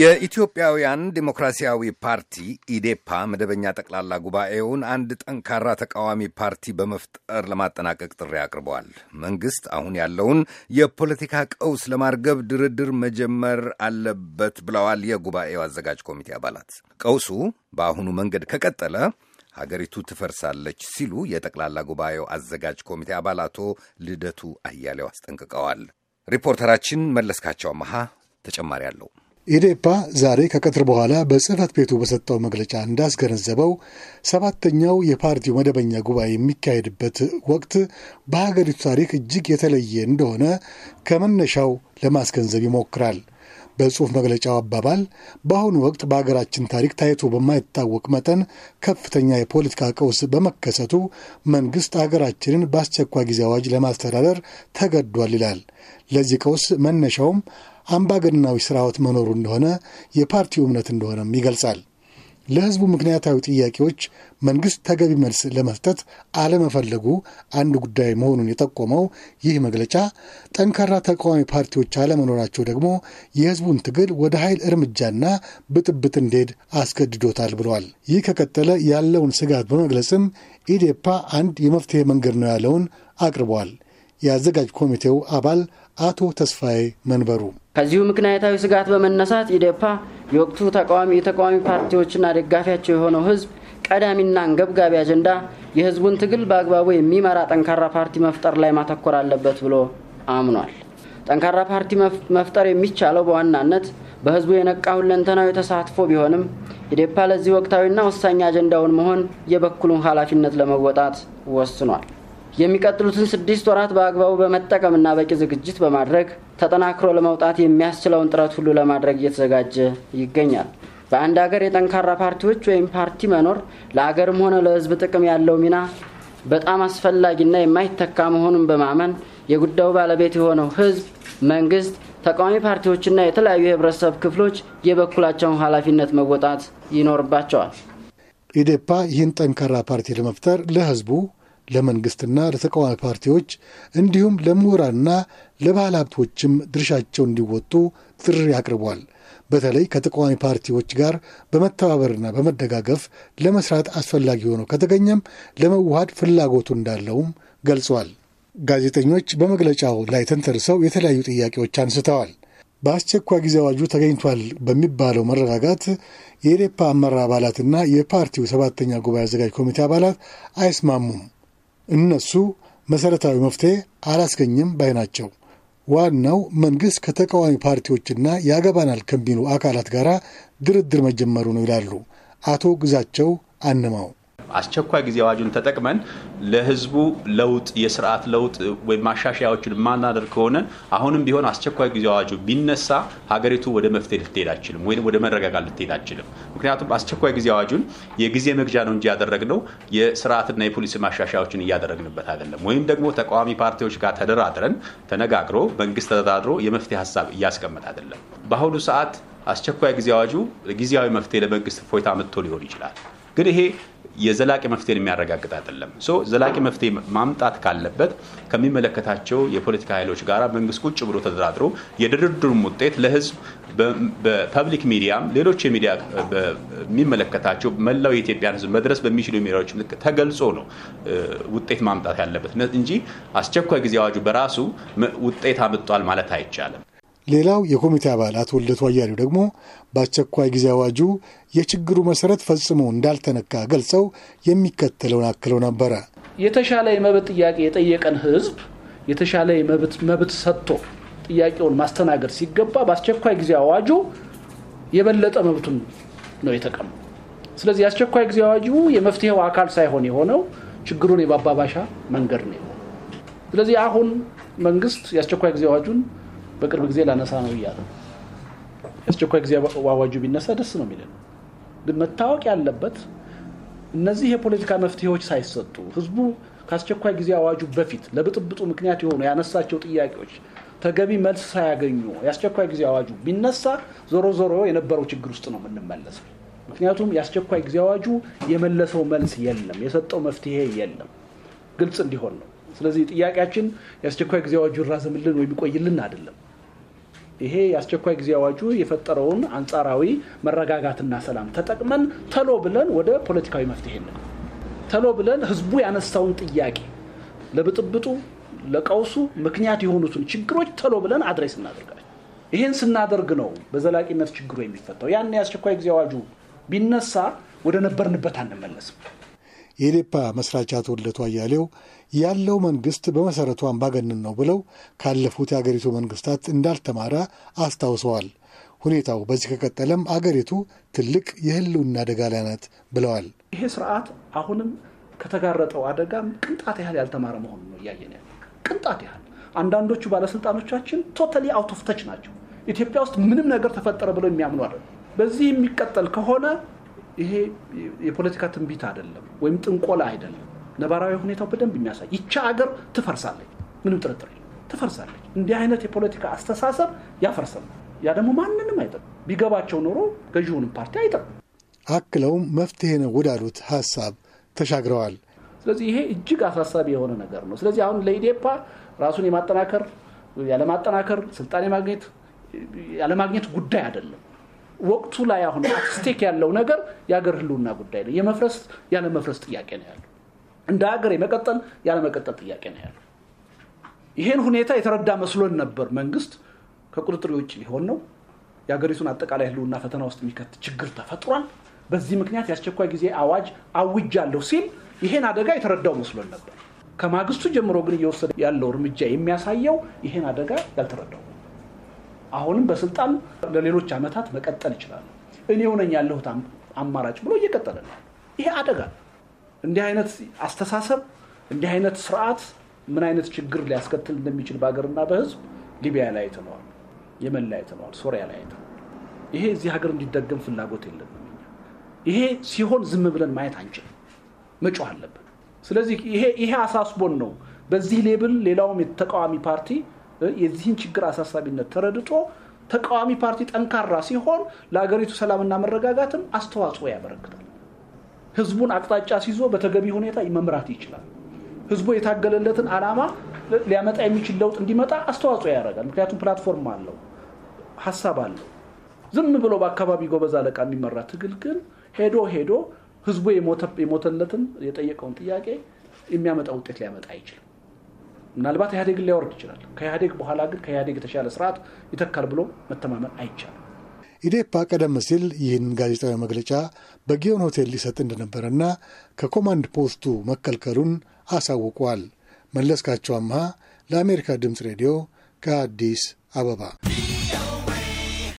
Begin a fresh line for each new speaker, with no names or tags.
የኢትዮጵያውያን ዴሞክራሲያዊ ፓርቲ ኢዴፓ መደበኛ ጠቅላላ ጉባኤውን አንድ ጠንካራ ተቃዋሚ ፓርቲ በመፍጠር ለማጠናቀቅ ጥሪ አቅርበዋል። መንግሥት አሁን ያለውን የፖለቲካ ቀውስ ለማርገብ ድርድር መጀመር አለበት ብለዋል የጉባኤው አዘጋጅ ኮሚቴ አባላት። ቀውሱ በአሁኑ መንገድ ከቀጠለ ሀገሪቱ ትፈርሳለች ሲሉ የጠቅላላ ጉባኤው አዘጋጅ ኮሚቴ አባል አቶ ልደቱ አያሌው አስጠንቅቀዋል። ሪፖርተራችን መለስካቸው አመሃ ተጨማሪ አለው። ኢዴፓ ዛሬ ከቀትር በኋላ በጽህፈት ቤቱ በሰጠው መግለጫ እንዳስገነዘበው ሰባተኛው የፓርቲው መደበኛ ጉባኤ የሚካሄድበት ወቅት በሀገሪቱ ታሪክ እጅግ የተለየ እንደሆነ ከመነሻው ለማስገንዘብ ይሞክራል። በጽሑፍ መግለጫው አባባል በአሁኑ ወቅት በሀገራችን ታሪክ ታይቶ በማይታወቅ መጠን ከፍተኛ የፖለቲካ ቀውስ በመከሰቱ መንግስት ሀገራችንን በአስቸኳይ ጊዜ አዋጅ ለማስተዳደር ተገዷል ይላል። ለዚህ ቀውስ መነሻውም አምባገነናዊ ስርዓት መኖሩ እንደሆነ የፓርቲው እምነት እንደሆነም ይገልጻል። ለህዝቡ ምክንያታዊ ጥያቄዎች መንግስት ተገቢ መልስ ለመስጠት አለመፈለጉ አንድ ጉዳይ መሆኑን የጠቆመው ይህ መግለጫ ጠንካራ ተቃዋሚ ፓርቲዎች አለመኖራቸው ደግሞ የህዝቡን ትግል ወደ ኃይል እርምጃና ብጥብጥ እንዲሄድ አስገድዶታል ብሏል። ይህ ከቀጠለ ያለውን ስጋት በመግለጽም ኢዴፓ አንድ የመፍትሄ መንገድ ነው ያለውን አቅርቧል። የአዘጋጅ ኮሚቴው አባል አቶ ተስፋዬ መንበሩ
ከዚሁ ምክንያታዊ ስጋት በመነሳት ኢዴፓ የወቅቱ ተቃዋሚ የተቃዋሚ ፓርቲዎችና ደጋፊያቸው የሆነው ህዝብ ቀዳሚና አንገብጋቢ አጀንዳ የህዝቡን ትግል በአግባቡ የሚመራ ጠንካራ ፓርቲ መፍጠር ላይ ማተኮር አለበት ብሎ አምኗል። ጠንካራ ፓርቲ መፍጠር የሚቻለው በዋናነት በህዝቡ የነቃ ሁለንተናዊ ተሳትፎ ቢሆንም ኢዴፓ ለዚህ ወቅታዊና ወሳኝ አጀንዳውን መሆን የበኩሉን ኃላፊነት ለመወጣት ወስኗል። የሚቀጥሉትን ስድስት ወራት በአግባቡ በመጠቀምና በቂ ዝግጅት በማድረግ ተጠናክሮ ለመውጣት የሚያስችለውን ጥረት ሁሉ ለማድረግ እየተዘጋጀ ይገኛል። በአንድ ሀገር የጠንካራ ፓርቲዎች ወይም ፓርቲ መኖር ለሀገርም ሆነ ለሕዝብ ጥቅም ያለው ሚና በጣም አስፈላጊና የማይተካ መሆኑን በማመን የጉዳዩ ባለቤት የሆነው ሕዝብ፣ መንግስት፣ ተቃዋሚ ፓርቲዎችና የተለያዩ የህብረተሰብ ክፍሎች የበኩላቸውን ኃላፊነት መወጣት ይኖርባቸዋል።
ኢዴፓ ይህን ጠንካራ ፓርቲ ለመፍጠር ለህዝቡ ለመንግስትና ለተቃዋሚ ፓርቲዎች እንዲሁም ለምሁራንና ለባህል ሀብቶችም ድርሻቸው እንዲወጡ ጥሪ አቅርቧል። በተለይ ከተቃዋሚ ፓርቲዎች ጋር በመተባበርና በመደጋገፍ ለመስራት አስፈላጊ ሆኖ ከተገኘም ለመዋሃድ ፍላጎቱ እንዳለውም ገልጿል። ጋዜጠኞች በመግለጫው ላይ ተንተርሰው የተለያዩ ጥያቄዎች አንስተዋል። በአስቸኳይ ጊዜ አዋጁ ተገኝቷል በሚባለው መረጋጋት የኢዴፓ አመራር አባላትና የፓርቲው ሰባተኛ ጉባኤ አዘጋጅ ኮሚቴ አባላት አይስማሙም። እነሱ መሠረታዊ መፍትሄ አላስገኘም ባይ ናቸው። ዋናው መንግሥት ከተቃዋሚ ፓርቲዎችና ያገባናል ከሚሉ አካላት ጋር ድርድር መጀመሩ ነው ይላሉ አቶ ግዛቸው አንማው።
አስቸኳይ ጊዜ አዋጁን ተጠቅመን ለህዝቡ ለውጥ የስርዓት ለውጥ ወይም ማሻሻያዎችን የማናደርግ ከሆነ አሁንም ቢሆን አስቸኳይ ጊዜ አዋጁ ቢነሳ ሀገሪቱ ወደ መፍትሄ ልትሄድ አይችልም፣ ወይም ወደ መረጋጋት ልትሄድ አይችልም። ምክንያቱም አስቸኳይ ጊዜ አዋጁን የጊዜ መግዣ ነው እንጂ ያደረግነው የስርዓትና የፖሊሲ ማሻሻያዎችን እያደረግንበት አይደለም። ወይም ደግሞ ተቃዋሚ ፓርቲዎች ጋር ተደራድረን ተነጋግሮ መንግስት ተደራድሮ የመፍትሄ ሀሳብ እያስቀመጠ አይደለም። በአሁኑ ሰዓት አስቸኳይ ጊዜ አዋጁ ጊዜያዊ መፍትሄ ለመንግስት ፎይታ መጥቶ ሊሆን ይችላል። ግን ይሄ የዘላቂ መፍትሄን የሚያረጋግጥ አይደለም። ዘላቂ መፍትሄ ማምጣት ካለበት ከሚመለከታቸው የፖለቲካ ኃይሎች ጋር መንግስት ቁጭ ብሎ ተደራድሮ የድርድሩም ውጤት ለህዝብ በፐብሊክ ሚዲያም ሌሎች የሚዲያ የሚመለከታቸው መላው የኢትዮጵያን ህዝብ መድረስ በሚችሉ ሚዲያዎች ተገልጾ ነው ውጤት ማምጣት ያለበት እንጂ አስቸኳይ ጊዜ አዋጁ በራሱ ውጤት አምጧል ማለት አይቻልም።
ሌላው የኮሚቴ አባል አቶ ልደቱ አያሌው ደግሞ በአስቸኳይ ጊዜ አዋጁ የችግሩ መሰረት ፈጽሞ እንዳልተነካ ገልጸው የሚከተለውን አክለው ነበረ።
የተሻለ የመብት ጥያቄ የጠየቀን ህዝብ የተሻለ የመብት መብት ሰጥቶ ጥያቄውን ማስተናገድ ሲገባ በአስቸኳይ ጊዜ አዋጁ የበለጠ መብቱን ነው የተቀሙ። ስለዚህ የአስቸኳይ ጊዜ አዋጁ የመፍትሄው አካል ሳይሆን የሆነው ችግሩን የማባባሻ መንገድ ነው። ስለዚህ አሁን መንግስት የአስቸኳይ ጊዜ አዋጁን በቅርብ ጊዜ ላነሳ ነው እያለ አስቸኳይ ጊዜ አዋጁ ቢነሳ ደስ ነው የሚለን። ግን መታወቅ ያለበት እነዚህ የፖለቲካ መፍትሄዎች ሳይሰጡ ህዝቡ ከአስቸኳይ ጊዜ አዋጁ በፊት ለብጥብጡ ምክንያት የሆኑ ያነሳቸው ጥያቄዎች ተገቢ መልስ ሳያገኙ የአስቸኳይ ጊዜ አዋጁ ቢነሳ ዞሮ ዞሮ የነበረው ችግር ውስጥ ነው የምንመለስ። ምክንያቱም የአስቸኳይ ጊዜ አዋጁ የመለሰው መልስ የለም፣ የሰጠው መፍትሄ የለም። ግልጽ እንዲሆን ነው። ስለዚህ ጥያቄያችን የአስቸኳይ ጊዜ አዋጁ ይራዘምልን ወይም ይቆይልን አይደለም። ይሄ የአስቸኳይ ጊዜ አዋጁ የፈጠረውን አንጻራዊ መረጋጋትና ሰላም ተጠቅመን ተሎ ብለን ወደ ፖለቲካዊ መፍትሄ ነው ተሎ ብለን ህዝቡ ያነሳውን ጥያቄ ለብጥብጡ፣ ለቀውሱ ምክንያት የሆኑትን ችግሮች ተሎ ብለን አድሬስ እናደርጋል ይህን ስናደርግ ነው በዘላቂነት ችግሩ የሚፈታው። ያን የአስቸኳይ ጊዜ አዋጁ ቢነሳ ወደ ነበርንበት አንመለስም።
የኢዴፓ መስራች አቶ ልደቱ አያሌው ያለው መንግስት በመሰረቱ አምባገነን ነው ብለው ካለፉት የአገሪቱ መንግስታት እንዳልተማረ አስታውሰዋል። ሁኔታው በዚህ ከቀጠለም አገሪቱ ትልቅ የህልውና አደጋ ላይ ናት ብለዋል።
ይሄ ስርዓት አሁንም ከተጋረጠው አደጋም ቅንጣት ያህል ያልተማረ መሆኑ ነው እያየን ያለ ቅንጣት ያህል አንዳንዶቹ ባለስልጣኖቻችን ቶታሊ አውት ኦፍ ተች ናቸው። ኢትዮጵያ ውስጥ ምንም ነገር ተፈጠረ ብለው የሚያምኑ አለ። በዚህ የሚቀጠል ከሆነ ይሄ የፖለቲካ ትንቢት አይደለም ወይም ጥንቆላ አይደለም። ነባራዊ ሁኔታው በደንብ የሚያሳይ ይቻ አገር ትፈርሳለች፣ ምንም ጥርጥር ትፈርሳለች። እንዲህ አይነት የፖለቲካ አስተሳሰብ ያፈርሰም ያ ደግሞ ማንንም አይጠቅም። ቢገባቸው ኖሮ ገዢውንም ፓርቲ አይጠቅም።
አክለውም መፍትሄ ነው ወዳሉት ሀሳብ ተሻግረዋል።
ስለዚህ ይሄ እጅግ አሳሳቢ የሆነ ነገር ነው። ስለዚህ አሁን ለኢዴፓ ራሱን የማጠናከር ያለማጠናከር ስልጣን የማግኘት ያለማግኘት ጉዳይ አይደለም። ወቅቱ ላይ አሁን አትስቴክ ያለው ነገር የሀገር ህልውና ጉዳይ ነው። የመፍረስ ያለ መፍረስ ጥያቄ ነው ያለው። እንደ ሀገር የመቀጠል ያለ መቀጠል ጥያቄ ነው ያለው። ይሄን ሁኔታ የተረዳ መስሎን ነበር። መንግስት ከቁጥጥር ውጭ ሊሆን ነው። የሀገሪቱን አጠቃላይ ህልውና ፈተና ውስጥ የሚከት ችግር ተፈጥሯል። በዚህ ምክንያት የአስቸኳይ ጊዜ አዋጅ አውጃለሁ ሲል ይሄን አደጋ የተረዳው መስሎን ነበር። ከማግስቱ ጀምሮ ግን እየወሰደ ያለው እርምጃ የሚያሳየው ይሄን አደጋ ያልተረዳው አሁንም በስልጣን ለሌሎች ዓመታት መቀጠል ይችላሉ። እኔ ሆነኝ ያለሁት አማራጭ ብሎ እየቀጠለ ነው። ይሄ አደጋ። እንዲህ አይነት አስተሳሰብ፣ እንዲህ አይነት ስርዓት ምን አይነት ችግር ሊያስከትል እንደሚችል በሀገርና በህዝብ ሊቢያ ላይ አይተነዋል፣ የመን ላይ አይተነዋል፣ ሶሪያ ላይ አይተነዋል። ይሄ እዚህ ሀገር እንዲደገም ፍላጎት የለንም። ይሄ ሲሆን ዝም ብለን ማየት አንችልም፣ መጮህ አለብን። ስለዚህ ይሄ አሳስቦን ነው በዚህ ሌብል ሌላውም የተቃዋሚ ፓርቲ የዚህን ችግር አሳሳቢነት ተረድቶ ተቃዋሚ ፓርቲ ጠንካራ ሲሆን ለሀገሪቱ ሰላምና መረጋጋትም አስተዋጽኦ ያበረክታል። ህዝቡን አቅጣጫ ሲዞ በተገቢ ሁኔታ መምራት ይችላል። ህዝቡ የታገለለትን አላማ ሊያመጣ የሚችል ለውጥ እንዲመጣ አስተዋጽኦ ያደርጋል። ምክንያቱም ፕላትፎርም አለው፣ ሀሳብ አለው። ዝም ብሎ በአካባቢ ጎበዝ አለቃ የሚመራ ትግል ግን ሄዶ ሄዶ ህዝቡ የሞተለትን የጠየቀውን ጥያቄ የሚያመጣ ውጤት ሊያመጣ አይችልም። ምናልባት ኢህአዴግን ሊያወርድ ይችላል። ከኢህአዴግ በኋላ ግን ከኢህአዴግ የተሻለ ስርዓት ይተካል ብሎ መተማመን አይቻልም።
ኢዴፓ ቀደም ሲል ይህን ጋዜጣዊ መግለጫ በጊዮን ሆቴል ሊሰጥ እንደነበረና ከኮማንድ ፖስቱ መከልከሉን አሳውቋል። መለስካቸው አምሃ ለአሜሪካ ድምፅ ሬዲዮ ከአዲስ አበባ